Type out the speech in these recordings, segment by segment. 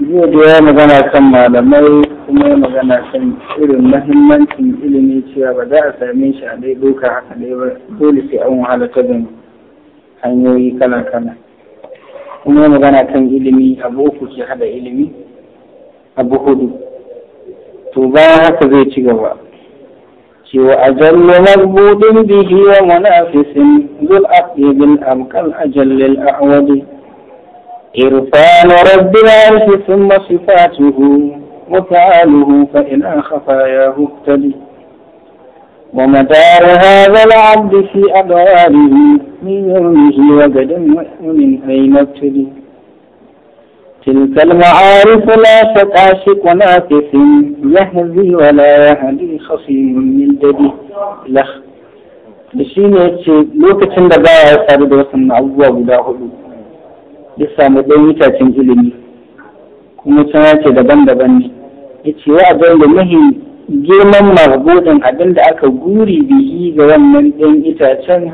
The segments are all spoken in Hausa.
Jiya da ya magana kan malamai kuma ya magana kan irin mahimmancin ilimi cewa ba za a same shi a dai doka haka dai ba dole sai an wahala ta bin hanyoyi kala kala. Kuma ya magana kan ilimi abu uku ke hada ilimi abu hudu. To ba haka zai ci gaba. وأجل مربوط به ومنافس ذو الأقيد أم الأجل الأعود إرفان رب العرش ثم صفاته وفعاله فإلى خفاياه اقتدي ومدار هذا العبد في أدواره من يومه وغدا ومن أين ابتدي تلك المعارف لا تتعشق ناقص يهذي ولا يهدي خصيم من ددي لخ da shi ne ya ce lokacin da baya ya faru da wasu abubuwa guda hudu ya samu ɗan itacen ilimi kuma can ya daban-daban ne ya ce wa abin da girman mahbudin abin da aka guri bihi ga wannan ɗan itacen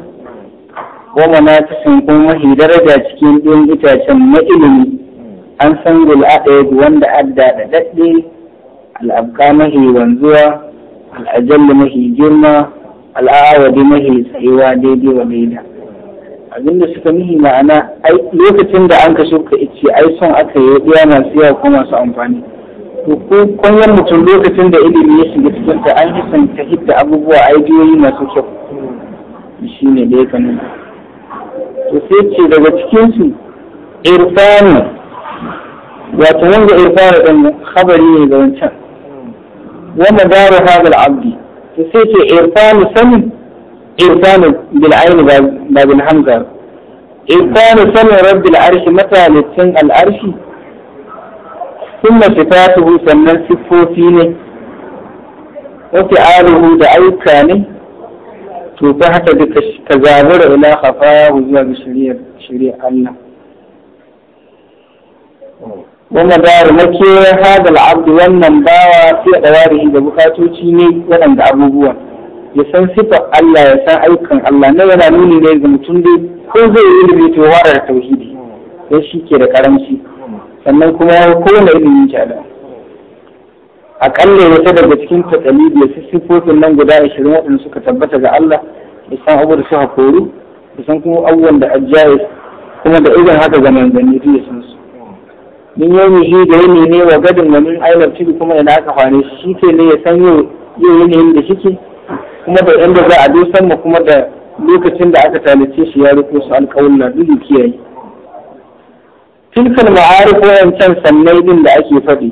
wa mana ta sun kuma daraja cikin ɗan itacen na ilimi an san gul'aɗaya wanda adda da daɗe al'abka mahi wanzuwa al'ajalli mahi girma al'awadi mahi tsayuwa daidai wa daida abinda suka mihi ma'ana lokacin da an ka shuka ice ai son aka yi ɗaya masu yawa ko masu amfani to ko kwanyar mutum lokacin da ilimi ya shiga cikin ta an yi ta hidda abubuwa ajiyoyi masu kyau shi ne da ya nuna to sai ce daga cikinsu irfani wato wanda fara din khabari ne ga wancan wanda daru hadal abdi to sai ce irfanu sani irfanu bil aini ba bin hamza irfanu sani rabbil arshi matalitin al arshi kuma sifatuhu sannan siffofi ne wafi aluhu da ayyuka ne to ta haka duka ka zabura ila khafaya zuwa ga shari'ar Allah oh. wanda da rumake hadal abdu wannan bawa sai dawari da bukatoci ne waɗanda abubuwan ya san sifar Allah ya san ayyukan Allah na yana nuni ne ga mutum dai ko zai yi ilimi to warar tauhidi ya shi ke da karamci sannan kuma ya kowane ilimin jada aƙalla wata daga cikin tatsali da siffofin nan guda ashirin waɗanda suka tabbata ga Allah ya san abu da suka koru ya san kuma abubuwan da ajiyar kuma da irin haka ga manzanni ya san su min shi da ya ne wa gadin wa min ainihin kuma yana aka kwane shi shi ke ne ya san yau yanayin da shike kuma da inda za a dusan mu kuma da lokacin da aka talace shi ya rufe su na duk kiyaye tilkal ma'arif wayancan sannai din da ake faɗi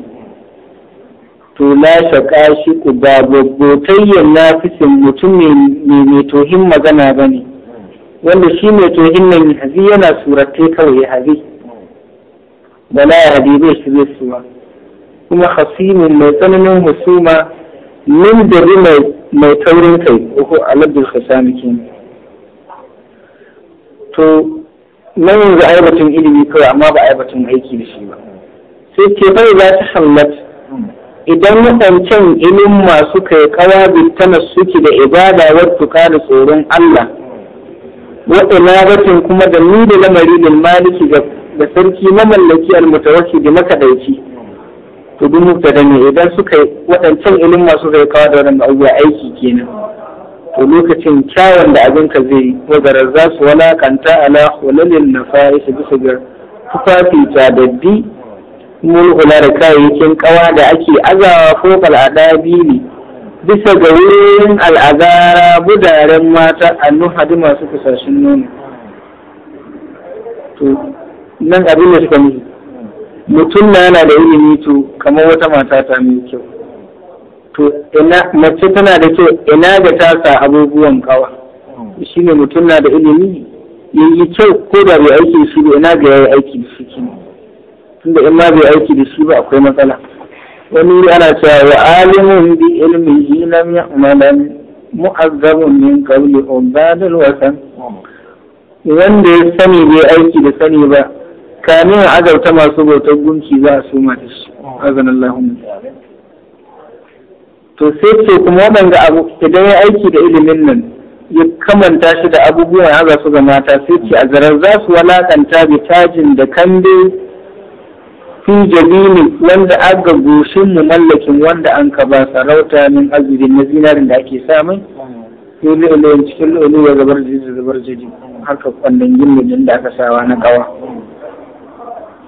to la shaƙa shi ku ba gogotayyan nafisin mutum mai mai tohin magana ne, wanda shi mai tohin nan hazi yana surattai kawai hazi da la zai bai zai su ba kuma khasimin mai tsananin husuma min dari mai taurin kai ko aladul khasami kenan to nan yanzu aibatun ilimi kawai amma ba aibatun aiki da shi ba sai ce bai za ta hallat idan waɗancan ilimin masu kai kawa bittana suke da ibada wata da tsoron Allah wa imaratin kuma da ni da lamari lil ga sarki na mallaki almutawaki da makadaici to duk mubtada ne idan suka yi waɗancan ilimin masu zai kawo da wannan abubuwa aiki kenan to lokacin kyawun da abin ka zai yi wagarar za su wala kanta ala hulalin na fa'isa bisa da tufafi Mun mulhula da kayayyakin kawa da ake azawa fokal adabi ne bisa ga wurin al'azara budaren mata a nuhadi masu kusashen nono to nan abin da suka nufi mutum na yana da ilimi to kamar wata mata ta mai kyau to ina mace tana da kyau ina ga tasa abubuwan kawa ne mutum na da ilimi yi kyau ko da bai aiki da shi ba ina ga yi aiki da shi tunda in ma bai aiki da shi ba akwai matsala wani ana cewa wa alimun bi ilmihi lam ya'malan mu'azzabun min qawli ubadul wasan wanda ya sani bai aiki da sani ba kamin azabta masu bautar gunki za a suma da shi azanallahu to sai ce kuma waɗanda abu idan ya aiki da ilimin nan ya kamanta shi da abubuwan haza su ga mata sai ce a zarar za su walakanta bi tajin da kambe fi jabini wanda aga goshin mu mallakin wanda an ka ba sarauta min azuri na zinarin da ake samun sai lo'oloyin cikin lo'olo zabar jiji zabar jiji haka kwandon gimlin da aka sawa na kawa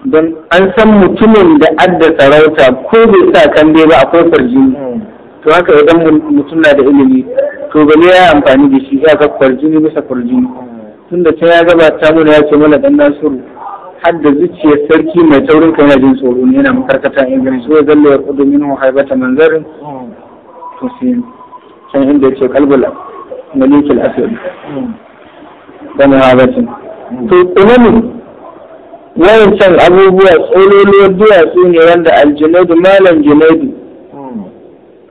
don an san mutumin da adda sarauta ko bai sa kan dai ba akwai farjini to haka idan mutum na da ilimi to gani ya amfani da shi ya ga farjini bisa farjini tunda ta ya gabata mana ya ce mana dan nasiru hadda zuciyar sarki mai taurin kan yana jin tsoro ne yana makarkata in gani so zallo ya kudu min wa haibata manzarin to sai can inda yake kalbul malikul asad da muhabbatin to wayan can abubuwa tsololuwar su ne wanda aljinaidu malam jinaidu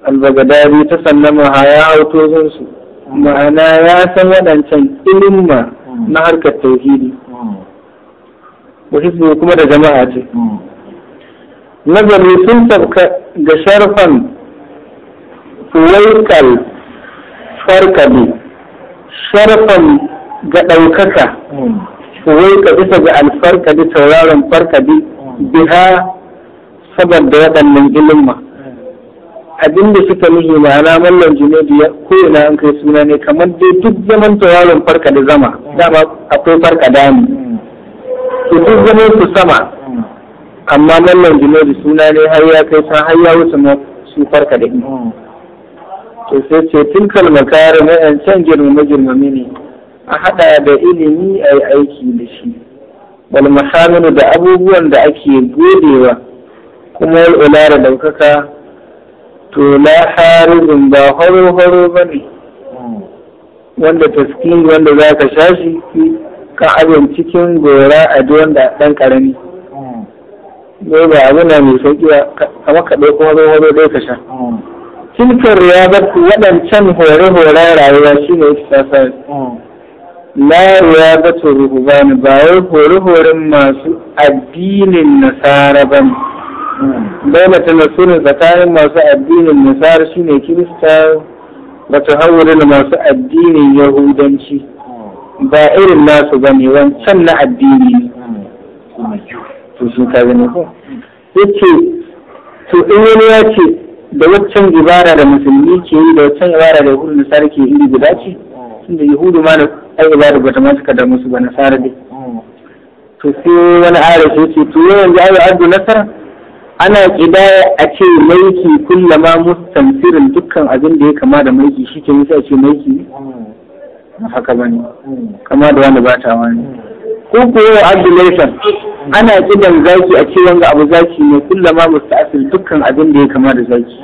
albagadari ta sallama ha ya hauto su ma'ana ya san waɗancan ilimma na harkar tauhidi wa kuma da jama'a ce nazari sun sabka ga sharfan fuwaikal farkabi sharfan ga ɗaukaka fuwaika bisa ga alfarkabi tauraron farkabi biha saboda waɗannan ilimma abin da suka nuhi ma'ana mallan junaidu ya ko'ina an kai suna ne kamar dai duk zaman tauraron farka da zama akwai farkada ne. mutum zama su sama amma lallan jima'i suna ne har ya kai sa har ya wuce su farka da ni to sai ce tun kalmar kare ne an can girmama majirma ne a haɗa da ilimi a yi aiki da shi wal mahaminu da abubuwan da ake godewa kuma wal ulara daukaka to la harizun ba horo horo ba ne wanda taski wanda za ka sha shi Ka abin cikin gora a wanda ɗan ƙarami dai ba abu na mai sauƙi ba kama kaɗe kuma wani wani dai ka sha ya mm. riyadatu waɗancan hore-horen rayuwa shi ne exercise mm. la ga ruhubani ba wai hore-horen masu addinin nasara ba ne bayyana mm. tanasurin tsakanin masu addinin nasara shine kirista ba ta haure masu addinin yahudanci ba irin nasu ba ne wancan na addini to sun ka gani ko yace to in wani ya ce da waccan ibara da musulmi ke yi da waccan ibara da yahudu nasara ke yi guda ce tunda yahudu ma da ai ibada bata ma suka da musu ba nasara dai to sai wani ayar sai ce to yanzu ayu addu nasara ana kidaya a ce maiki kullama mustamsirin dukkan abin da ya kama da maiki shi ke musu a ce maiki ne haka bane kama da wanda ba ta wani ko koyo abdulaisan ana kidan zaki a cikin ga abu zaki ne kullama musta'sil dukkan abin da ya kama da zaki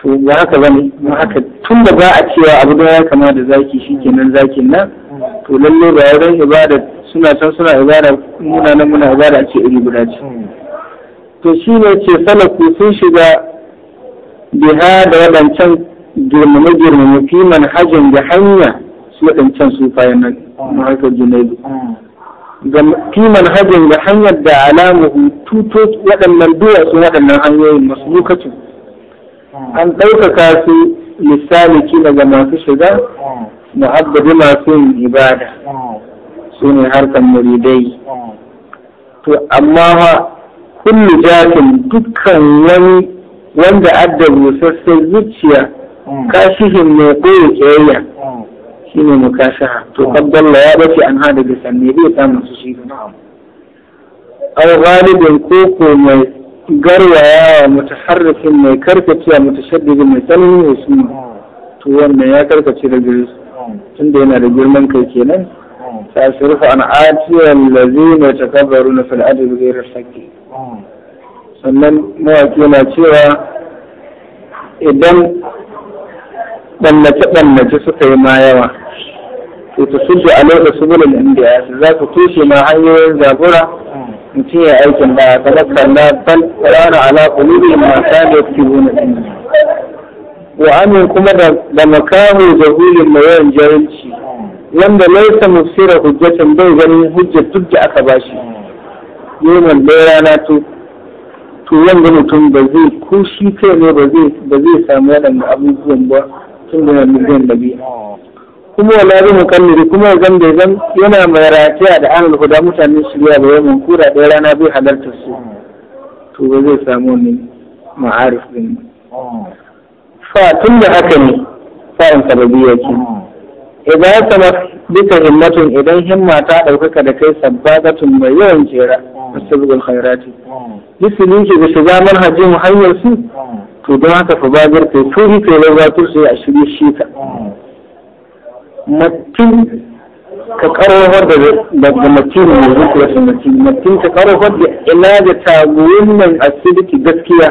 to ba haka bane mu haka tun da ba a cewa abu da ya kama da zaki shikenan zakin nan to lalle ba yaran ibada suna san suna ibada muna nan muna ibada a ce iri guda ce to shine ne ce salaku sun shiga biha da wadancan girmame girmame fi manhajin da hanya su waɗancan su fayan na ah. ma'aikar junaidu ah. ga fi manhajin da hanyar da alamu tuto waɗannan duwatsu waɗannan hanyoyin masu lokacin ah. an ɗaukaka su misali kila ga masu shiga mu'abbadi masu yin ibada su ne harkar muridai to amma kullu Jafin dukkan wani wanda adda busassar zuciya kashihin mai koyi kiyayya mm. shine mukashaha to mm. kaddalla ya bace an hada da sanne bai samu su shi aw ghalibin koko mai garwaya wa mutaharrikin mai karkacewa mutashaddidin mai tsanani ne mm. to wannan ya karkace da gare tunda yana da girman kai kenan ta surfa an atiyar lazina ta kabaru na fil'adu da gairar sake sannan mawaki na cewa idan ɓallace-ɓallace suka yi ma yawa to ta sudu a lokacin subulin yasi, za ku tushe ma hanyoyin zabura mutum ya aikin da aka lakalla bal rana ala kulubi ta da kibuna wa amin kuma da makamu jahulin mai yawan jarinci wanda laisa mufsira hujjatan bai ganin hujjar duk da aka bashi yemen bai rana to to wanda mutum ba zai kushi kai ne ba zai samu waɗanda abubuwan ba sun da miliyan zai nabi kuma wala bi mukalliri kuma zan da zan yana mai rakiya da an huda mutane su biya da yawan kura ɗaya rana bai halartar su to ba zai samu ni ma'arif din fa tun da haka ne fa'in sababiyya ke idan ya sama duka himmatun idan himma ta ɗaukaka da kai sabbatatun mai yawan jera masabugul khairati bisu ne ninki bisa zaman hajji hanyar su to don haka fa bagar ta turi ta yi ba to sai a shirye shi ta mutum ka karofar da da mutum ne zuciya su mutum mutum ka karofar da ila da tagoyin nan asibiti gaskiya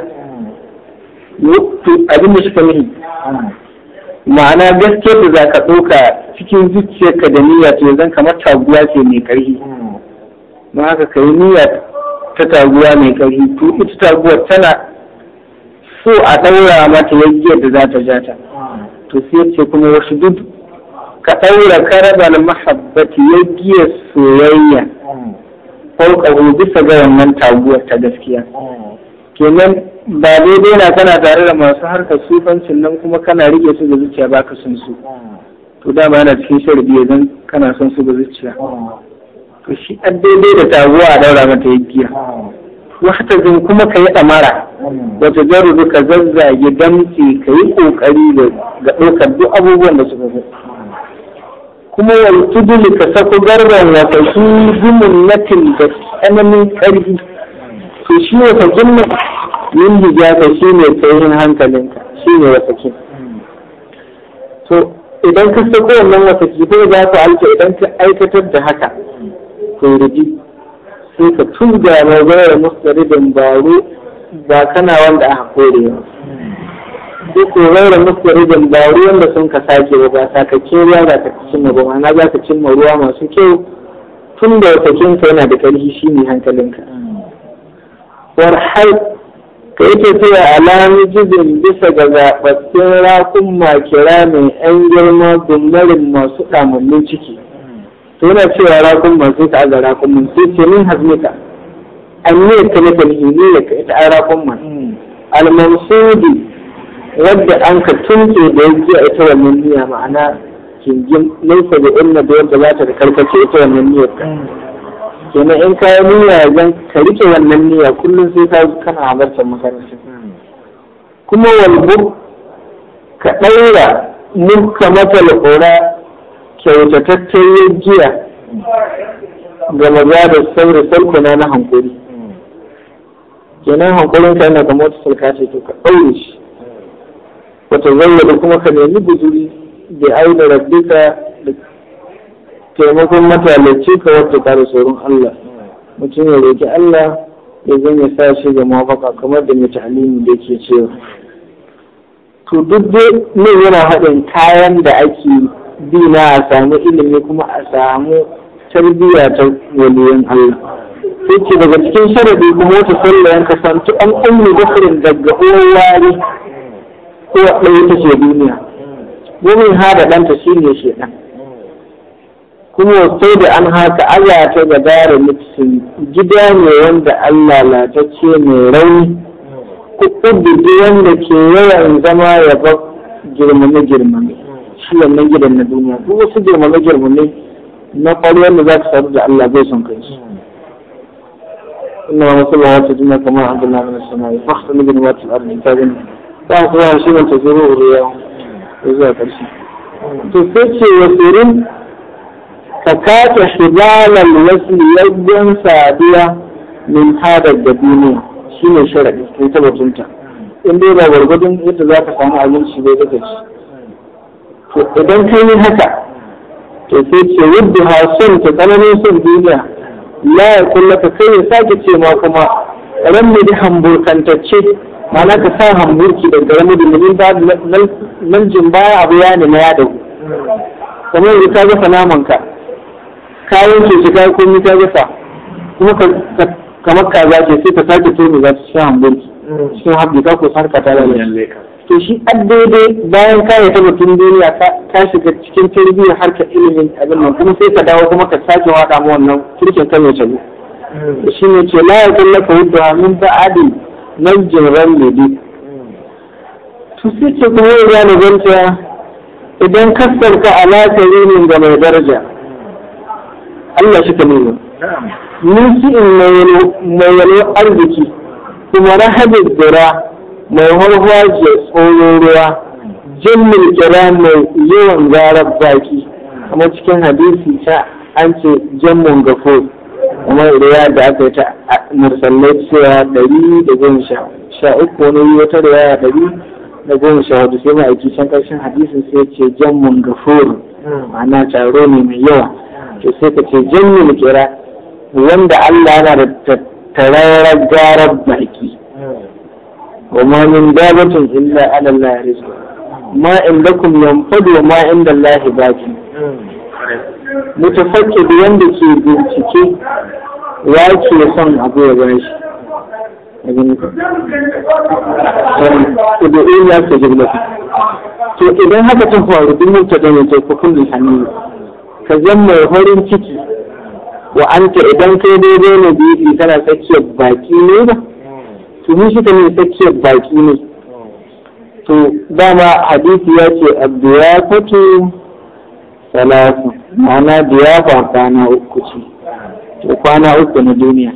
abin da suka mihi ma'ana gaskiya da za ka ɗauka cikin ka da niyya to yanzu kamar taguwa ce mai ƙarfi don haka ka yi niyya ta taguwa mai ƙarfi to ita taguwa tana so a ɗaura mata yaggiyar da za ta ja ta to sai ce kuma wasu duk ka ɗaura karabal mahabbati yagge soyayya fauƙahu bisa ga wannan taguwar ta gaskiya kenan ba daidai na kana tare da masu harka sufancin nan kuma kana rike su da zuciya ba ka sun su to dama yana cikin sharbi idan kana son su ga zuciya to shi ɗan daidai da taguwa a ɗaura mata yaggiya wahtazin kuma ka yi ɗamara wata jarudu ka zazzage damci ka yi ƙoƙari ga ɗaukar duk abubuwan da suka fi kuma wal tuduli ka sako garban wata su natin da tsananin ƙarfi to shi wata gummin yin ka shi ne tsayin hankalinka shi ne wata ke to idan ka sako wannan wata ki za ta alka idan ka aikatar da haka to rubi sai ka tuga mai bayar mustaridin baro ba kana wanda a kore ba sai ko bayar mustaridin baro wanda sun ka sake ba ba ka ruwa ba ta cin ba na za ka cimma ruwa masu kyau tun da wasakinka yana da ƙarfi shi ne hankalinka warhal ka yake cewa alamu jizin bisa ga zaɓaɓɓen rakun makira mai 'yan girma gumarin masu ɗamammin ciki to yana cewa rakun ba sai ka aza rakun mun sai ce min hazmika ne ka nake ni ne ka ita rakun mun al-mansudi wadda an ka tunke da yake a ita wannan niyya ma'ana kingin nesa da inna da yadda za ta karkace ita wannan niyya ka kenan in ka yi niyya zan ka rike wannan niyya kullum sai ka kana halartar makaranta kuma walbu ka ɗaura muka mata kyautataccen giya ga maza da sauri salkuna na hankuri kenan hankulin ka yana kamar wata salka ce to ka ɗaure shi wata zayyada kuma ka nemi guzuri da aina rabbika da taimakon matalarci ka wata ka da tsoron Allah mutum ya roƙi Allah ya zan ya sa shi ga mafaka kamar da mace halimi da ke cewa to duk dai nan yana haɗin kayan da ake dina a samu ilimi kuma a samu tarbiyya ta waliyan Allah yake daga cikin sharadi kuma wata sallah yanka santu an ummi basirin daga uwari ko ɗaya ta ce duniya Wani hada ɗanta shi ne shi ɗan kuma sai da an haka Allah ta ga dare mutum gida ne wanda Allah lalatacce mai rauni duk wanda ke yawan zama ya ba girmame girmame shi wannan gidan na duniya duk wasu girmame girmame na ƙwarewar da za ta sadu da Allah zai son kai su إنما مثل الحياة الدنيا كما أنزلنا من السماء فاختل بنوات الأرض كابن فأخذها شيئا تزروه الرياح وزاد الشيء تفتش وسرين فكات حبال الوصل يدا سابيا من هذا الدبين شنو شرع كتابة تنتا إن دي بابا الغدن إذا ذاك سامع علم شبيدة تجي to idan ka yi haka to sai ce wadda ha son ta tsananin sun duniya la ya kullaka kai ya sake ce ma kuma mai da hamburkantacce ma'ana ka sa hamburki da garamu da mijin ba nan jin baya abu ya ne na ya dagu kamar yanzu ka gasa naman ka ka yanke shi ka komi ka gasa kuma kamar za ce sai ta sake toni za ta sha hamburki sun haɗu ka ko sarka ta da yanzu ka to shi daidai bayan ka ta mutum duniya ka shiga cikin tarbiyyar harkar ilimin abin nan kuma sai ka dawo kuma ka sake wada mu wannan kirkin kan ya shagu mm. shi ne ce la ya kulla ka wuce min ba'adi nan jiran lebe to sai ce kuma ya gane zanta idan kasar ka alaƙa rinin ga mai daraja Allah shi ka nuna ni shi in mai yalo arziki kuma rahabin dira mai warwajiyar tsoron ruwa jimmin kira mai yawan garar baki kuma cikin hadisi ta an ce jammun gafo kuma ruwa da aka yi ta mursallai cewa ɗari da goma sha uku wani wata riya ɗari da goma sha hudu sai ma'aiki can ƙarshen hadisin sai ce jammun gafo ma'ana taro ne mai yawa to sai ka ce jammin kira wanda Allah yana da tattarar garar baki وما من دابة إلا على الله رزق ما عندكم ينفد وما عند الله باقي متفكر wanda ke bincike ya ke son abu ya gani shi idan to idan haka ta faru duk mun ta gane ta kullun hannu ka zama horin ciki wa anta idan kai daidai ne biyu tana tsakiyar baki ne ba domin shi ta ne tsakiyar baki ne to dama hadisi ya ce kutu salatu ma'ana ba kwana uku ce to kwana uku na duniya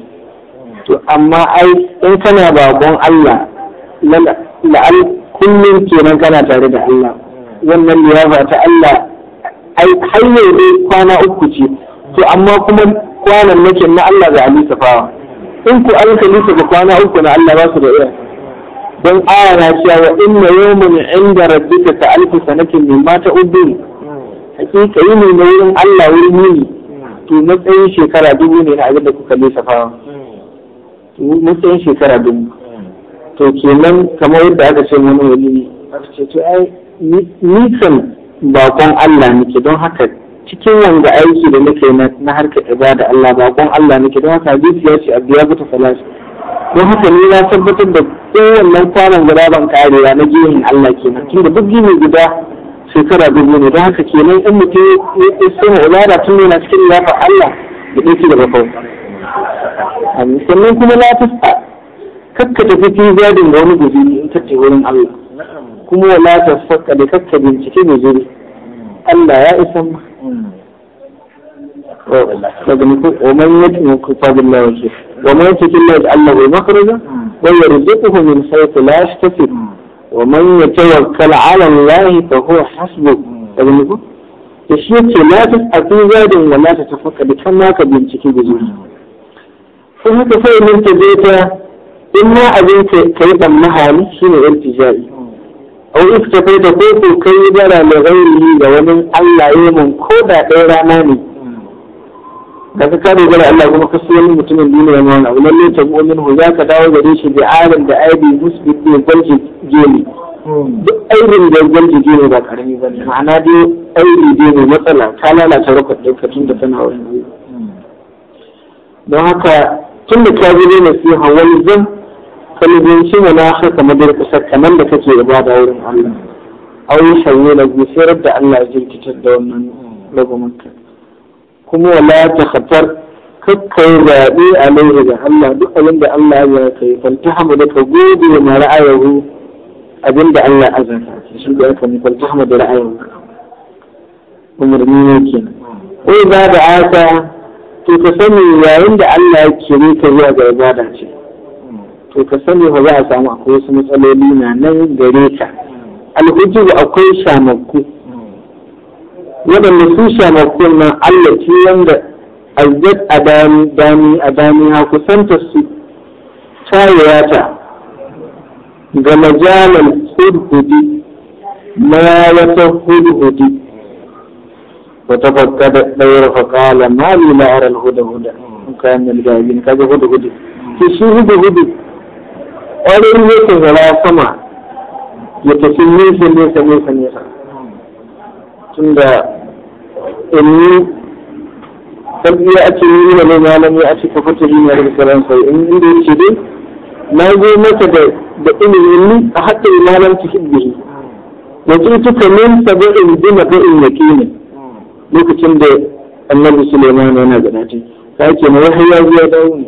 to amma ai in kana bakon Allah la'al kullum kenan kana tare da Allah wannan liyafa ta Allah ai hanyar kwana uku ce to amma kuma kwanan nake na Allah ga Ali safawa. in ku an kalli su ga kwana uku na Allah ba su da iya don aya na cewa inna yawman inda rabbika ka alfi sanatin mimma ta'udun hakika yini na wurin Allah wurin yini to matsayin shekara dubu ne na abin da kuka To matsayin shekara dubu to kenan kamar yadda aka ce wani wani ne ce to ai nisan bakon Allah nake don haka cikin wanga aiki da nake na harkar ibada Allah kon Allah nake don haka hadisi ya ce abiya ta salas ko haka ni na tabbatar da kowannen kwanan guda ban karewa na gehen Allah kenan tunda duk gini guda shekara dubu ne don haka kenan in mutum ya soma ibada tun na cikin lafar Allah da ɗauki da bakon sannan kuma na tasta kakka tafi fi zadin da wani guzuri in tace wurin Allah kuma wala tafakka da kakka bincike guzuri Allah ya isa ومن ومن يقصد الله وجهه ومن يتق الله الله مخرجا ويرزقه من حيث لا يحتسب ومن يتوكل على الله فهو حسبه ابن يقول تشيك لا تسأل في زاد ولا تتفقد كما كبير تشيك بزوجه فهو كفاية من تجيتا إما أبين كيبا مهاني شنو ارتجائي أو إفتقيت كوكو كيبا لغيره لغيره لغيره لغيره لغيره لغيره لغيره da ka kare gara Allah kuma ka so wani mutumin duniya ne wannan abu lalle ta bu wani za ka dawo gare shi da alim da aibi musbit ne gwalje jeli duk aibin da gwalje jeli ba karami ba ne ma'ana dai aibi dai mai matsala ta lalata rukun lokacin da tana wani don haka tun da ka zo ne su hawan zan ne na haka madar kusa kamar da kake da wurin Allah. Aure shanye da gusirar da Allah ya jirkitar da wannan lagomanka. kuma wala ta khatar kakkai zaɓe a laihi da Allah duk abin da Allah ya kai fanta hamu da ka gode na ra'ayahu abin da Allah ya azaka shi da aka mu fanta hamu da ra'ayahu umarni ne ke ko za da aka to ka sani yayin da Allah ya kire ka zuwa ga ibada ce to ka sani ba za a samu akwai wasu matsaloli na nan gare ka al'ujubu akwai shamakku waɗanda su shamakon nan Allah ce wanda azzat a dami dami a dami ha kusanta su tayewa ta ga majalar hudhudi mayayatar hudhudi wata fakka da ɗayar fakala mali la'arar hudhuda kayan milgabin kaga hudhudi su shi hudhudi ƙwarin yake zara sama ya tafi nesa nesa nesa nesa tunda inni sabbi a ce ni ne malami a cikin ka fata ni ne risalan sai in inda ce dai na zo mata da da ilimi a yi malam ki hibbi na ji tuka min sabin dina ba in yake lokacin da annabi Sulaiman yana gana ta sai ke mai hayya zuwa dawo ne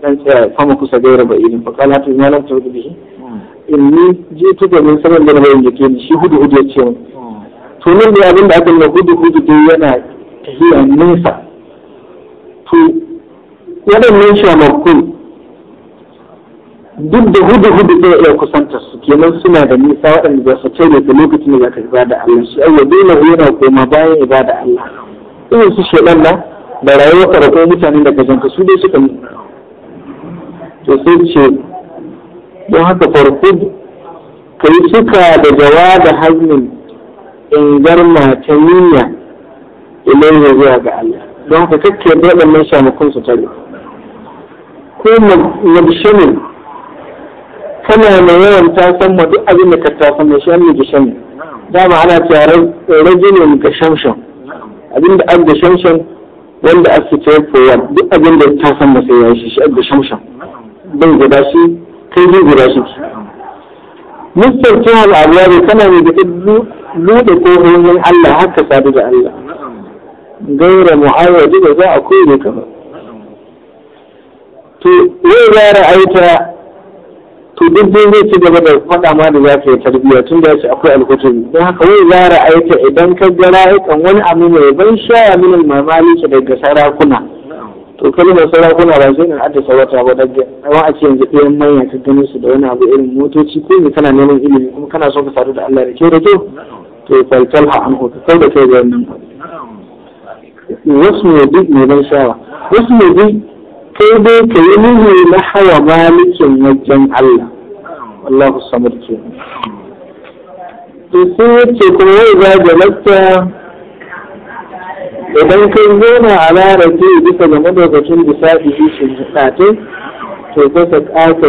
dan tsaya fama kusa ga ba ilimi fa kala ta malam ta in hmm. inni ji tuka min sabin dina ba in yake shi hudu hudu ya ce nan da abin da aka yi gudu gudu dai yana tafiya nesa to waɗannan shamakun duk da hudu hudu zai iya kusanta su kenan suna da nisa waɗanda ba su ce daga lokacin da za ka da Allah shi ayya dole yana koma bayan da Allah irin su shaɗan na da rayuwar ka da mutane da ka janka su dai suka yi to sai ce don haka farko yi suka da jawa da hannun garma ta niyya ilaihi zuwa ga Allah don haka kakke mai waɗannan shamakon su tare ko mabshamin kana mai yawan ta san mu duk abin da ka ta san shi an mabshamin dama ana tare rajulun ga shamshan abin da an ga shamshan wanda ake yi kowa duk abin da ta san masa ya shi shi an ga shamshan bai guda shi kai zai guda shi Mr. Tuhal Abuwa kana mai da buɗe ƙofofin Allah haka sadu da Allah gaira mu'awwadi da za a kore ka ba to yau ya ra'aita to duk dai zai ci gaba da faɗa ma da za ka yi tarbiyya tun da ya ce akwai alkutubi don haka wai ya ra'aita idan ka ga ra'aikan wani abu mai ban shaya min mamaliki daga sarakuna to kalmar sarakuna ba sai na addasa wata ba daga wa a ce yanzu ɗayan manya ka gani su da wani abu irin motoci ko ne kana neman ilimi kuma kana so ka sadu da Allah da kyau da kyau to falfal ha an hoto sau da kai da wannan wasu ne duk ne ban shawa wasu ne duk kai dai ka yi nuhu na hawa malikin wajen Allah wallahu samar ke to sai yace kuma yau za ga lakta idan kai na a ke bisa ga madaukacin bisa da shi shi to sai ta ƙata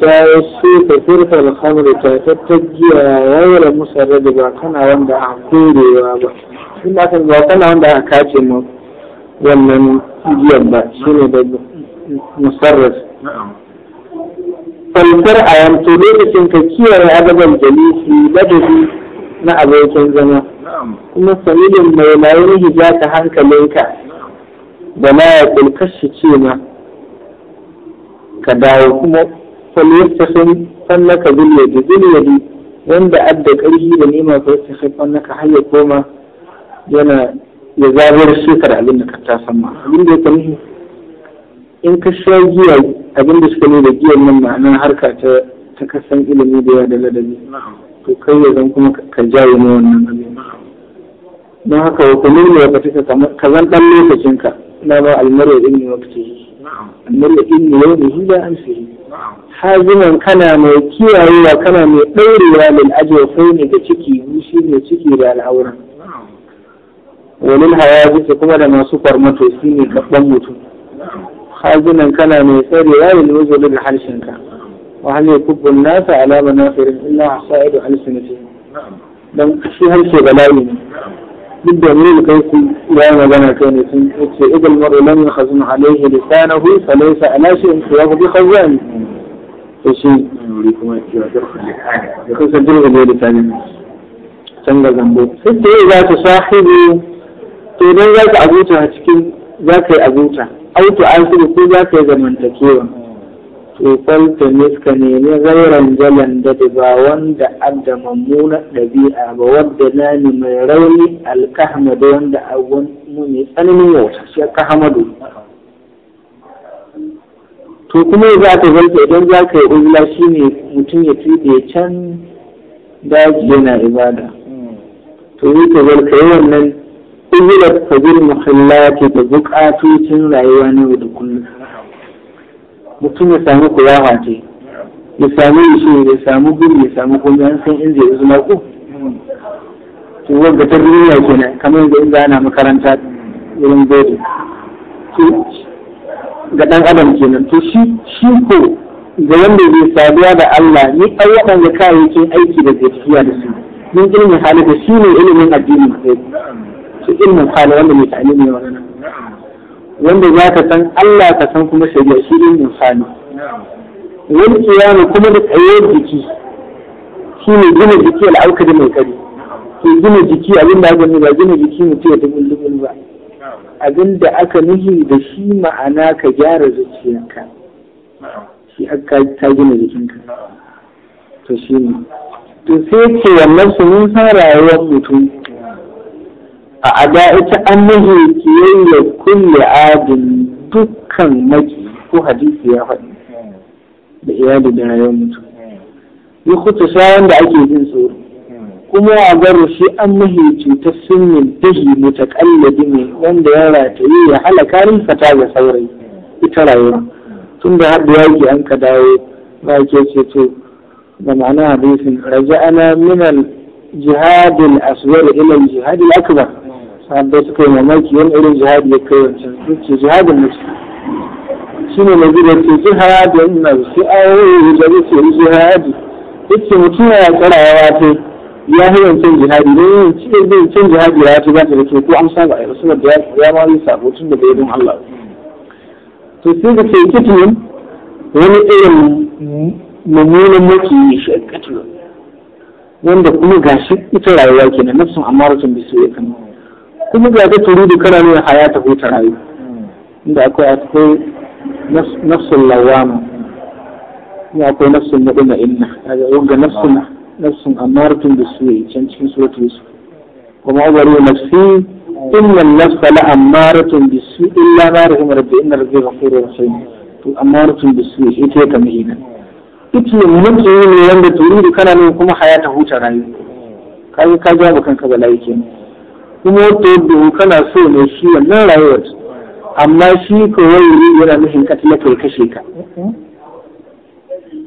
zai sha su ta firka kamar ta tattagiya wayar musarra da ba kana wanda a korewa ba in ba ba kana wanda a kace mu wannan jiyan ba shi ne da musarras. falkar a yanto lokacin ka kiyaye adabar jalisi ladabi na abokin zama kuma sanidin mai mayar hijaka hankalinka da ma ya kulkashi ce ma ka dawo kuma falyastasim fannaka bil yadi bil yadi wanda adda karfi da nema falyastasim fannaka ka ya koma yana ya zabar shekar abin da ka ta sama abin da ya kanu in ka sha giya abin da suka ne da giyan nan ma'ana harka ta ta kasan ilimi da ya da ladabi to kai ya zan kuma ka jaye ma wannan abin don haka wa kuma ne ka zan ɗan lokacinka na ba almarya ɗin ne wakati murya yau da hila amsi hazinan kana mai kiyayewa kana mai ɗaurewa ajiyar sai ne da ciki shi ne ciki da al'auran walil hawa bisa kuma da masu kwarmato shi ne gaban mutum hazinan kana mai tsarewa lozo da harshenka wa hanyar kubbun nasa alama nafirin illa sa'idu alsinati don shi harshe bala'i ne بالدليل قيس لا مدنى كان يسن إذا المرء لم يخزن عليه لسانه فليس على شيء انتواه بخزان فشي يخلص الجلغة بلسان سنجا زنبو فتى إذا إيه تصاحبه تريد أن تعبوتها تكين ذاك أبوتها أو تعالسل كل ذاك زمن تكيوه tufalta miska ne rairan jalan da ba wanda adda mammuna ɗabi'a ba wadda nani mai rauni alkahmadu wanda abun mu mai tsananin yauta shi kahmadu to kuma za ka zanta idan za ka yi uzla shi ne mutum ya tuɗe can daji yana ibada to yi ka zarka yi wannan uzurar zuri muhallati da bukatocin rayuwa ne da kullum mutum ya samu ku ya ce ya samu ishe ya samu gudu ya samu komai an san inda ya zuma ku to wanda ta duniya kenan kamar yanzu inda ana makaranta wurin gode ga dan adam kenan to shi shi ko ga wanda bai saduwa da Allah ni ai waɗanda kayayyakin aiki da tafiya da su mun ilmin hali da shi ne ilimin addini to ilmin hali wanda mai ta'alimi ne wannan wanda za ka san Allah ka san kuma shari'a shi ne insani wani kiyama kuma da tsayar jiki shi ne gina jiki al'auka da mai kari ke gina jiki abin da aka ba gina jiki mu ce dubul dubul ba abin da aka nuhi da shi ma'ana ka gyara zuciyarka shi aka ta gina jikinka to shi ne to sai ce wannan su mun san rayuwar mutum a ita annahu kiyayya kulli adin dukkan maki ko hadisi ya faɗi da iyali da rayuwar mutum yi kuta sayan da ake jin tsoro kuma a garo shi an mahi cutar sunyin dahi mutaƙalladi ne wanda ya rataye ya halakarin fata ga saurayi ita rayuwa tun da har da an ka dawo ba ke ce da ma'ana hadisin raja'ana minal jihadil aswar ila jihadil akbar sahabbai suka yi mamaki wani irin jihadi ya kai wancan ce jihadin musu shi ne mai gida ce jihadin na sai ayoyi da zai ce jihadi yake mutum ya tsara ya ta ya yi wancan jihadi don yin cikin zai cin jihadi ya ta zata da ke ko amsa ba a yi suna da ya ma yi sabo tun da bai don Allah to sai da ke kitinin wani irin mummunan maki shi a wanda kuma gashi ita rayuwa kenan nafsun amaratun bisu ya kama. kuma ga ga turu da kana ne haya ta huta rayu inda akwai akwai nafsul lawama ya akwai nafsul mudina inna ga wanga nafsul nafsun amaratun da su can cikin suratul yusuf kuma ubari nafsi inna nafsa la amaratun bisu illa ma rahima rabbi inna rabbi ghafurur rahim to amaratun bisu ita ta mu'mina ita mutum ne wanda turu da kana ne kuma haya ta huta rayu kaga ka ja bakan ka bala'i kenan kuma wata yadda kana so ne shi wannan rayuwar amma shi kawai yana nufin ka kai kashe ka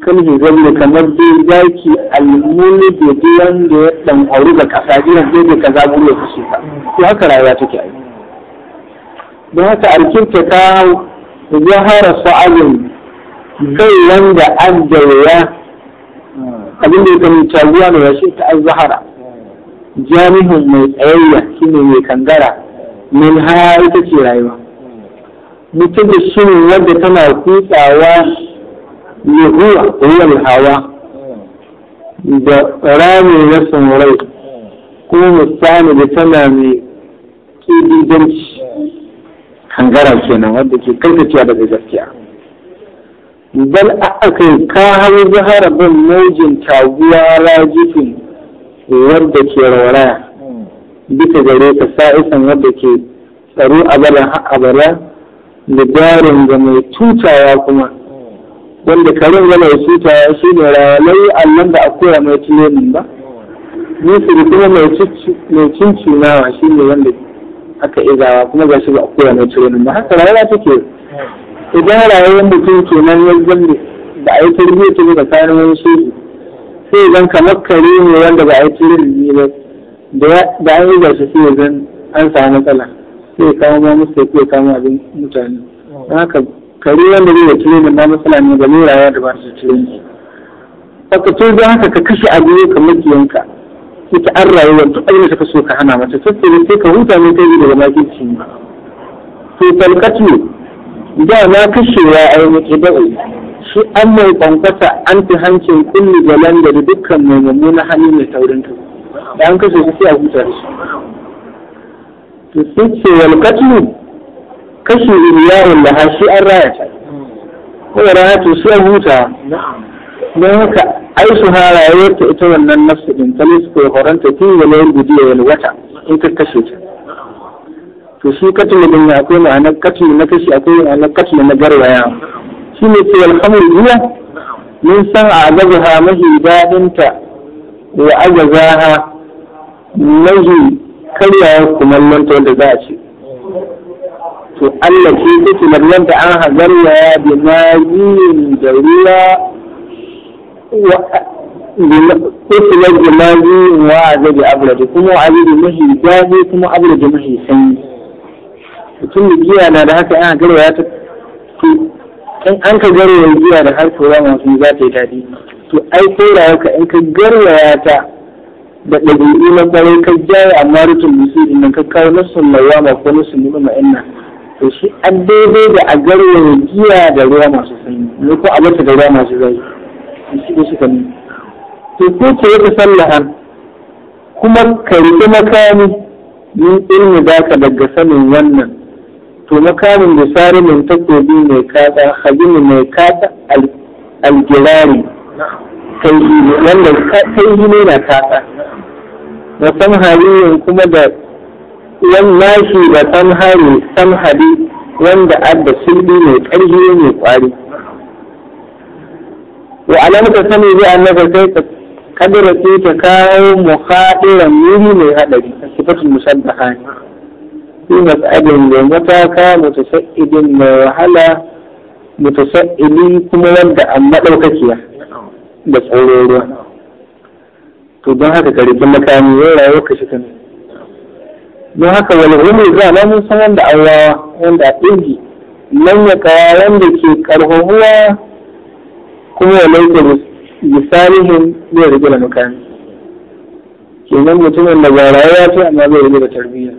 kan yi da kamar dai zaki almuni da dai wanda ya dan auri ga kasa irin dai da kaza buru ya kashe ka to haka rayuwa take ai don haka alkirta ka hara sa'alin kai wanda an jawaya abin da ya kamata ruwa ne ya shi ta zahara. jami'in mai tsayayya shi ne mai kangara min haya ita ce rayuwa mutum da shi wanda tana kutsawa ne huwa ruwan hawa da rami na samurai kuma musamman da tana mai kididanci kangara kenan wadda ke karkacewa daga gaskiya bal a yi ka har zahara bin maujin taguwa rajifin wadda ke rawaraya bisa gare ka sa'isan wadda ke tsaro a abalan abara da jarin da mai tutawa kuma wanda karin gane ya tutawa shi ne rayalai allon da akwai mai tilenin ba da kuma mai cincinawa shi ne wanda aka izawa kuma ga shi ba akwai mai tilenin ba haka rayuwa take idan rayuwar mutum kenan ya zambe da a yi tarbiyyar ta ga tsakanin wani sai zan kamar kare ne wanda ba a yi tilenin ba da an riga shi sai zan an samu matsala sai kawo ma musu sai ya kama abin mutane don haka kare wanda zai da tilenin ma matsala ne ga murawa da ba su tilenin baka to don haka ka kashe abin ka makiyanka ita an rayuwar duk abin da ka so ka hana mata sassare sai sai ka huta mai kai daga makinci ma to talkatu da na kashewa a yi mace da'u shi an mai kwankwasa an fi hancin kulli jalan da dukkan mai mummuna hannu mai taurin kai da an kashe su sai a huta shi to sai ce wal katlu kashe iriyarun da har shi an raya ta kuma rana to sai a huta don haka ai su halaye ta ita wannan nafsu din ta ne su kai horanta tun da layin gudiya wani wata in ka kashe ta to shi katlu din akwai ma'ana katlu na kashe akwai ma'ana katlu na garwaya shi ne ce alhamdulillah mun san a azabaha mahi da wa ajazaha nau'in karyawa kumallonta wanda za a ce to Allah ke ta mallanta an hazarwa ya bi mayin da ruwa kusurar da mayin wa a zabi abulaji kuma wa da mahi kuma abulaji mahi sanyi mutum da giya na da haka an garwa ya ta in an ka garwaya giya da har tura wasu za ta yi daɗi to ai sai ka in ka garwaya ta da ɗabi'u na ƙwarai ka jaya amma rikin musulmi nan ka kawo nasin lawama ko nasin nuna ma'ina to shi an daidai da a garwaya giya da ruwa masu sanyi ne ko a bata da ruwa masu zai shi ne su kanu to ko ce wata sallahan kuma ka riƙe makami min ilmi ka daga sanin wannan to makamin da sare mai takobi mai kata hajji mai kata algirari tauhi ne wannan tauhi ne na kasa wa samhariyin kuma da wannan shi da samhari samhari wanda adda sulbi mai ƙarfi mai ƙwari wa alamta sani bi annaka sai ka kadara ce ta kawo muhadiran yuri mai hadari sifatul musaddaqa ne fi mas'alin da mataka mutasa'idin mai wahala mutasa'ili kuma wanda amma ɗaukakiya da tsoron ruwa to don haka ka makami ya rayu ka shi kan don haka wani wani za na mun san wanda an rawa wanda a ɗingi nan ya kawo wanda ke ruwa? kuma ya laika misalihin zai rike da makami kenan mutumin da ba rayuwa ce amma zai rike da tarbiyya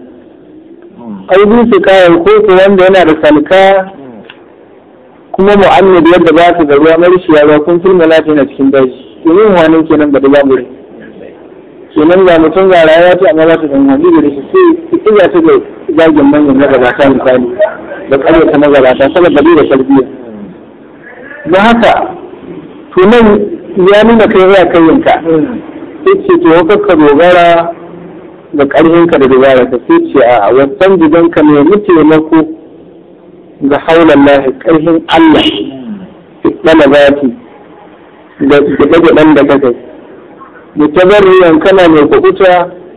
ai bin su kayan koko wanda yana da salka kuma da yadda ba su da ruwa ya ruwa kun filma lati na cikin daji yi wani kenan ba da babu rai kenan ga mutum ga rayuwa ta amma za ta zama hajji da su sai tsira ta ga zagin manyan na ta misali da ta magabata saboda bai da tarbiyya don haka to nan ya nuna kai ya kai yanka ce to kakka dogara da ƙarfinka da dogara ka sai ce a wasan gidanka mai mutu mako بحول الله كلهم الله لما ذاتي لبدأ من بدأ يتبري أن كان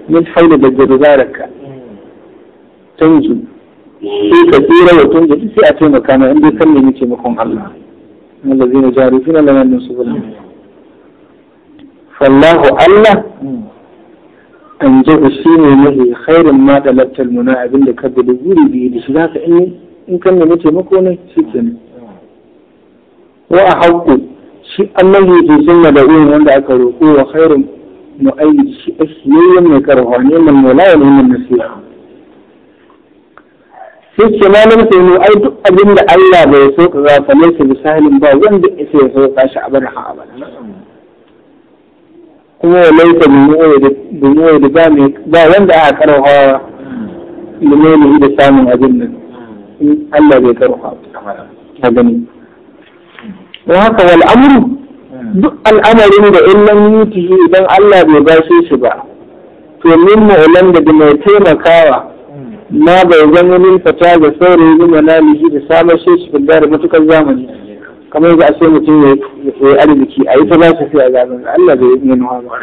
من حول بجر ذلك تنجو في كثيرة وتنجو في سيئة مكانة عند سلمي كمكم الله الذين جاروا فينا لما ننصب الله فالله الله أنجو الشيء خير ما دلت المناعب اللي كبير يريد سلاك إيه in kan nemi taimako ne shi ne wa a hauku shi annabi ke sun da irin wanda aka roƙo wa khairun ayi shi asiyayyen mai karfa ne mai mulaya ne mai nasiha shi ke ma nan sai ai duk abin da Allah bai so ka za ka mai misalin ba wanda ya so ka shi abada ha abada kuma ya laifa bin da ba wanda aka karfa limoni da samun abin nan sai Allah bai karfa a gani don haka wal duk al'amarin da in lam yutihi idan Allah bai bashe shi ba to min mu'lan da mai taimakawa na bai zama min fata ga saurayi zuma na liji da samar shi shi da matukar zamani kamar yadda a sai mutum ya yi arziki a yi ta ba su sai a zamani Allah bai yi nuna ba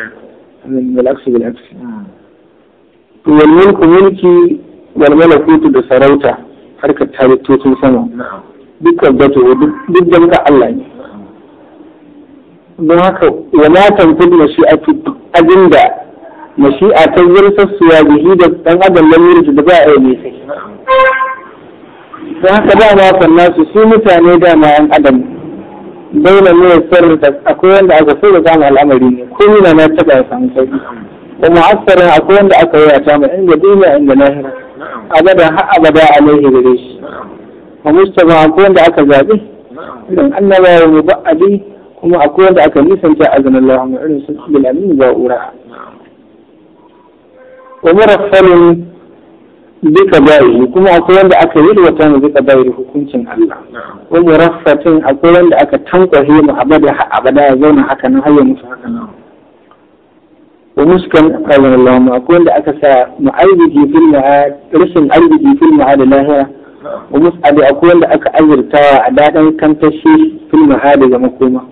bilaksu bilaksu hmm. to wal mulku mulki wal malakutu da sarauta harkar tutun sama dukkan zato duk jamka Allah ne don haka wala tanfud mashi'atu abinda mashi'a ta zartar suwa ya bihi da ɗan adam yin da ba a yi nisa don haka ba ma sannan su su mutane da ma yan adam dole ne ya da akwai wanda aka so da samun al'amari ne ko na na taɓa ya samu sauki kuma asarin akwai wanda aka yi a samun inda duniya inda hira. abadan har abada alaihi gare shi wa mustafa akwai wanda aka zaɓi irin annabawa mu ba'adi kuma akwai wanda aka nisanta a zanen mai irin sun bil amin ba'ura wa sanin duka bayi kuma akwai wanda aka yi wata mu duka bayi hukuncin Allah wa muraffatin akwai wanda aka tankwahe mu abada har abada ya zauna haka nan har ya haka nan wa muskan qalin Allahumma akwai wanda aka sa mu'ayyidi fil ma'ad rashin ayyidi fil ma'ad lahira wa mus'abi akwai wanda aka azurtawa a dadan kantashi fil ma'ad ga makoma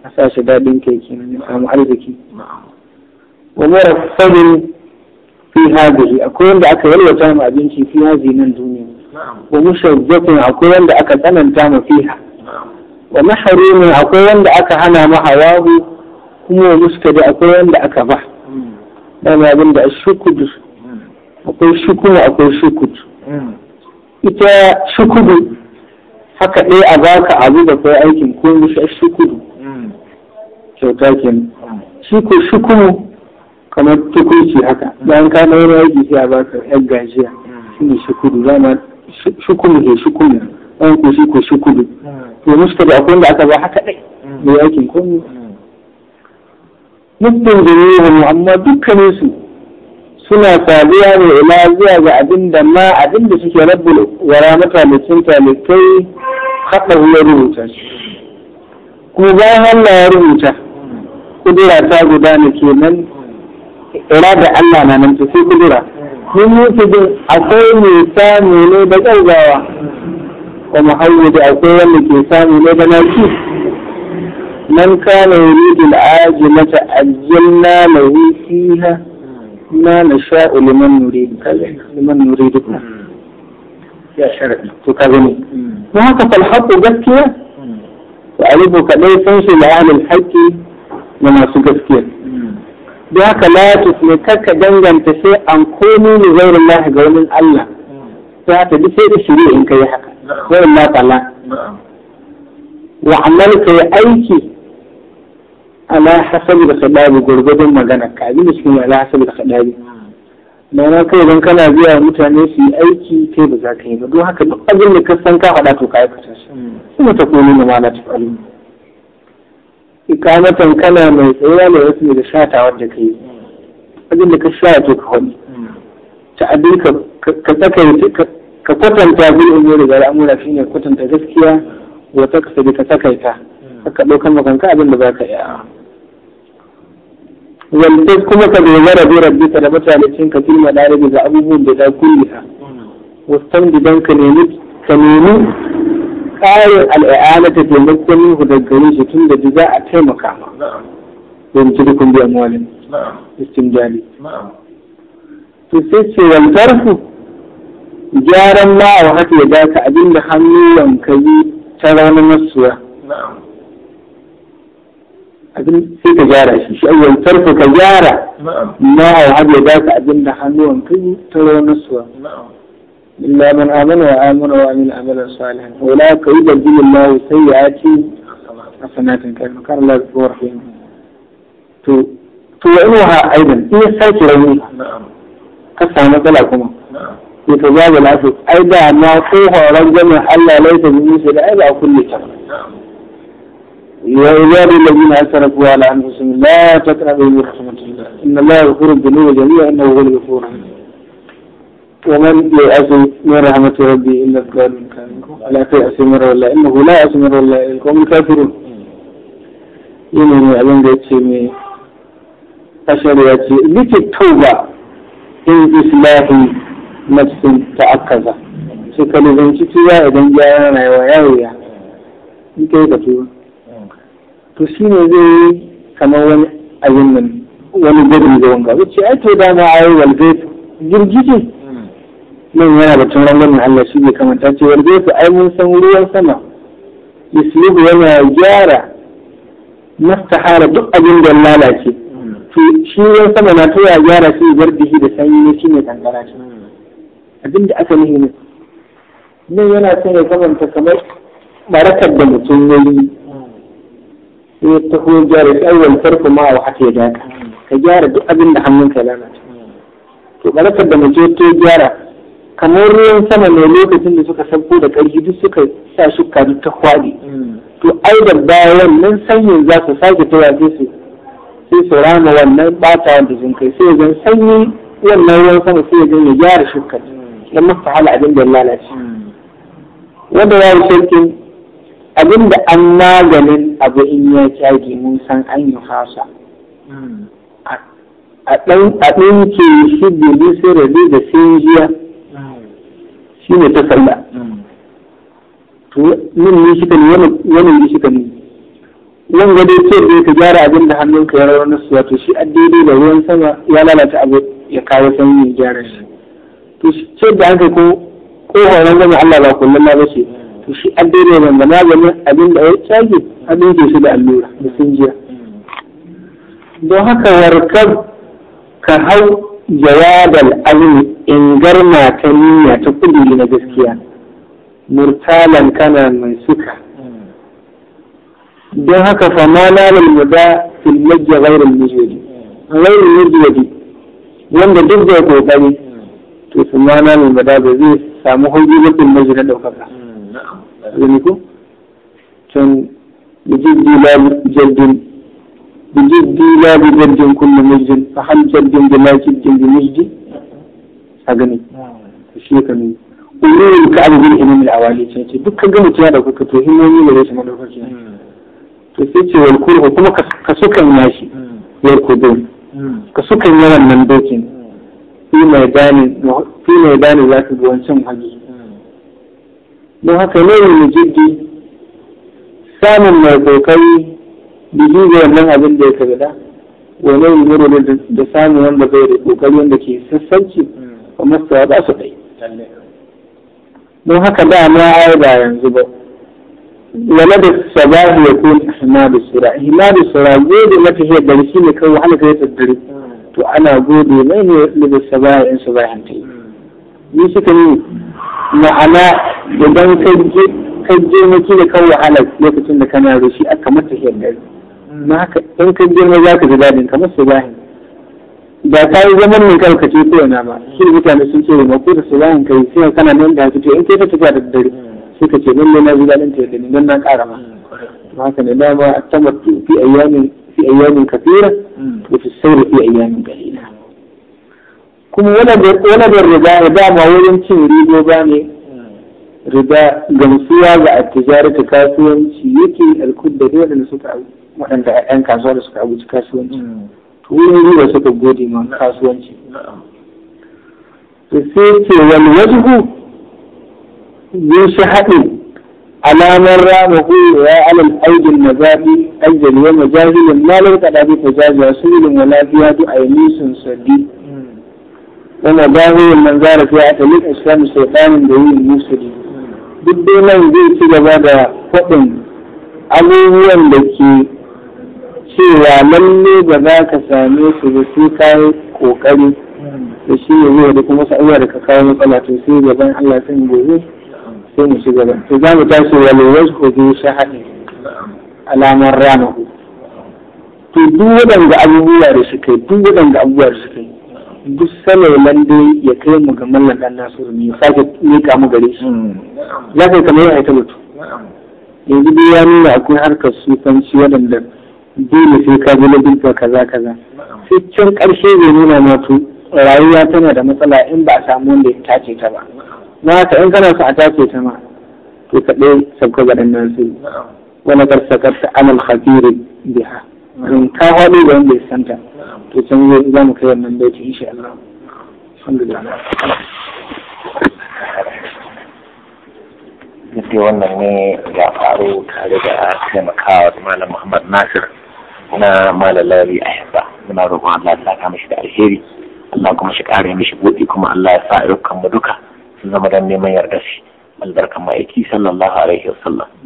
a sa shi dadin kai kenan ya samu arziki wa muraffadin fi akwai wanda aka yalwata mu abinci fi hadhihi nan duniya wa mushazzaqin akwai wanda aka tsananta mu fiha wa mahrumin akwai wanda aka hana mu hawahu kuma muskadi akwai wanda aka ba wani abin da shukudu akwai shukuma akwai shukudu ita shukudu haka ɗaya a baka abu da kai aikin ko mishi shukudu kyauta kenan shi ko shukumu kamar tukunci haka bayan ka mai aiki sai a baka yan gajiya shi ne shukudu zama shukumu ke shukumu an ku shi shukudu to muskari akwai wanda aka ba haka ɗai mai aikin komai. muddin jami'in amma dukkanin su suna saduwa ne ila zuwa ga abin da ma abin da suke rabbul wara matalikin talikai haɗa ya rubuta shi Ku bayan Allah ya rubuta kudura ta nan ira irada Allah na nan sai kudura mun yi su jin akwai mai samu ne da ƙarzawa kuma hanyar da akwai wanda ke samu ne da naki man kana yuridu al-ajilata ajjalna lahu fiha ma nasha'u liman nuridu liman nuridu ya sharadi to ka gani hmm. don haka fal haqqu gaskiya wa kadai sun shi la'alil haqqi da masu gaskiya hmm. don haka la tusmi danganta sai an komi ne zaurin lahi ga wani Allah za ta bi da shiri in kai haka zaurin lahi ta'ala wa aiki ala hasabi da sadabi gwargwadon magana ka abin da shi ala hasabi da na ma'ana kai idan kana biya mutane su yi aiki kai ba za ka yi ba don haka duk abin da ka san ka faɗa to ka aikata shi kuma ta komi na mana ta faru ikamatan kana mai tsayuwa mai wasu da shata wanda ka yi abin da ka sha to ka faɗi ta abin ka tsakaita ka kwatanta bin ne da al'amura shine kwatanta gaskiya wata ka saka ka tsakaita ka ɗaukar ka abin da za ka iya wanda kuma ka dogara bi rabbi ka da mutane cin ka da madaribi ga abubuwan da za ha wasan gidan ka nemi ka nemi ƙarin al'ada ta taimakon ku daga gare shi tun da za a taimaka ma don ci dukkan biyan walin istinjali to sai ce ku gyaran ma a haka ya baka abin da hannuwan ka yi ta ranar masuwa abin sai ka gyara shi shi shayyan tarku ka gyara ma a hajji ba ka abin da hannuwan kai ta raunasuwa illa man amana wa amana wa amin amalan salihan wala ka yi babbin Allah sai ya ce hasanatin kai kar Allah ya rahim to to wa inwa aidan in ya sake rauni ka samu matsala kuma ya ta zaga lafi ai da na ko horon Allah laifin yi su da ai ba kulle ta يا عبادي الذين اسرفوا على انفسهم لا تقربوا من رحمه الله ان الله يغفر الذنوب جميعا انه هو الغفور ومن يأس من رحمة ربي إلا الضالون لا تيأس من ولا إنه لا يأس من ولا القوم الكافرون يمين أبن جيتشي مي أشهد يأتي لك التوبة إن إصلاح نفس تأكد شكرا لذنك تيا إذن جاءنا ويا ويا لكي تتوبة to shi ne zai kamar wani abin nan wani gudun da wanga wuce ai to dama yi walbe girgije nan yana da tun rangon Allah shi ne kamar ta ce walbe ai mun san ruwan sama islubu yana gyara mastahara duk abin da lalace to shi ruwan sama na to ya gyara shi dihi da sanyi ne shi ne kankara shi abin da aka nihi ne nan yana son ya kamanta kamar barakar da mutum ya yi sai ta ko gyara da awwal farko ma wa haka ya daka ka gyara duk abin da hannun ya lalata to barakar da mace ta gyara kamar ruwan sama ne lokacin da suka sabko da ƙarfi duk suka sa shuka duk ta kwaɗi to ai da bayan nan sanyin za su sake tawa sai su sai su rama wannan bata da sun kai sai zan sanyi wannan ruwan sama sai zan ya gyara shukar dan mafahala abin da ya lalace wanda ya yi shirkin abin da an maganin abu in ya kyage mun san an yi hasa a ɗinke shi da bisirari da jiya. shi ne ta sallah to min ne shi kan wani ne shi kan yan gado ce da ka gyara abin da hannun ka ya rawar suwa to shi an daidai da ruwan sama ya lalata abu ya kawo sanyi ya gyara shi to ce da haka ko ko wani gama Allah ba kullum ba ce shi an daina wanda maganin abin da ya tsage an daina shi da allura da sinjiya don haka warkar ka hau jawabal azumi in garma ta niyya ta kudi na gaskiya murtalan kana mai suka don haka fama na muda fil majja ghairul mujwadi ghairul mujwadi wanda duk da kokari to fama na muda ba zai samu hujji ba fil majja ko كان بجد لا بجد بجد لا بجد كل مجد فهل جد بلا جد بمجد bi shi ka shekani ulul ka abin imam al-awali ce ce duk kan gama tiya da to himmomi da mun manufarci to sai ce wal kurhu kuma ka sukan yashi yar kudun ka sukan yi nan dokin fi mai dani fi mai dani za ka ga wancan hajji don haka ne mai jiddi samun mai kokari da ga wannan abin da ya karda wani yumuru da samun wanda bai da kokari wanda ke sassanci a mustawa ba su dai don haka da ma ai ba yanzu ba wala da sabahi ya kun ahmadu sura ahmadu sura gode mata shi da shi ne kawai halaka kai tsaddare hmm. to ana gode mai ne da sabahi in sabahin ta yi hmm. ni suka yi ma'ana idan ka je maki da kawai wahala lokacin da kana da shi aka mata shaidar haka in ka girma za ka ji daɗin kamar su bahin da ka yi zaman mai karkace ko yana ma shi mutane sun ce ma ko da su bahin kai sai kana nan da fito in kai ta tafiya da dare sai ka ce lalle na ji daɗin ta yadda don na ƙara ma mm, haka ne dama a fi ayyamin fi ayyamin kafira da mm. fi sauri fi ayyamin qalila kuma wani a riba dama wurin cin ba ne riba gamsuwa ga ta kasuwanci yake alkud da waɗanda suka waɗanda ɗan kasuwa da suka abuci kasuwanci hmm. to wurin riba suka gode ma kasuwanci to sai ce wal wajhu yin shi haɗin alamar ramahu ya alal aidin mazabi ajjal wa majahilin malar kaɗa bi tajaja sulun wa lafiya du nisan sadi yana dawo wannan zara fiye a talib islamu shaitanin da yin musulmi duk dai nan zai ci gaba da faɗin abubuwan da ke cewa lalle ba za ka same su da su kayi kokari da shi ya zuwa da kuma sa'uwa da ka kawo matsala to sai gaban Allah sun gobe sai mu ci gaba to za mu tashi wa lewar shi haɗe alamar ranahu to duk waɗanda abubuwa da suka yi duk waɗanda abubuwa da suka yi duk sanar lande ya kai mu ga mallan dan nasiru ne sake mika mu gare shi za hmm. ka kamar ya aita mutu yanzu dai ya nuna akwai harkar sufanci waɗanda dole sai ka gula dubba kaza kaza sai can ƙarshe zai nuna mutu rayuwa tana da matsala in ba a samu wanda ya tace ta ba na haka in kana so a tace ta ma to ka ɗaya sabka ga dan wani wani karsakarta amal khabiri biha in ka haɗu da wanda ya santa to can zai za mu kai wannan baiti insha Allah alhamdulillah duk wannan ne ya faru tare da taimakawa da malam Muhammad Nasir na malalari a yaba muna roƙon Allah ya saka mishi da alheri Allah kuma shi ƙara mishi buɗi kuma Allah ya sa ayyukan mu duka su zama dan neman yarda shi albarkan ma'aiki sallallahu alaihi wasallam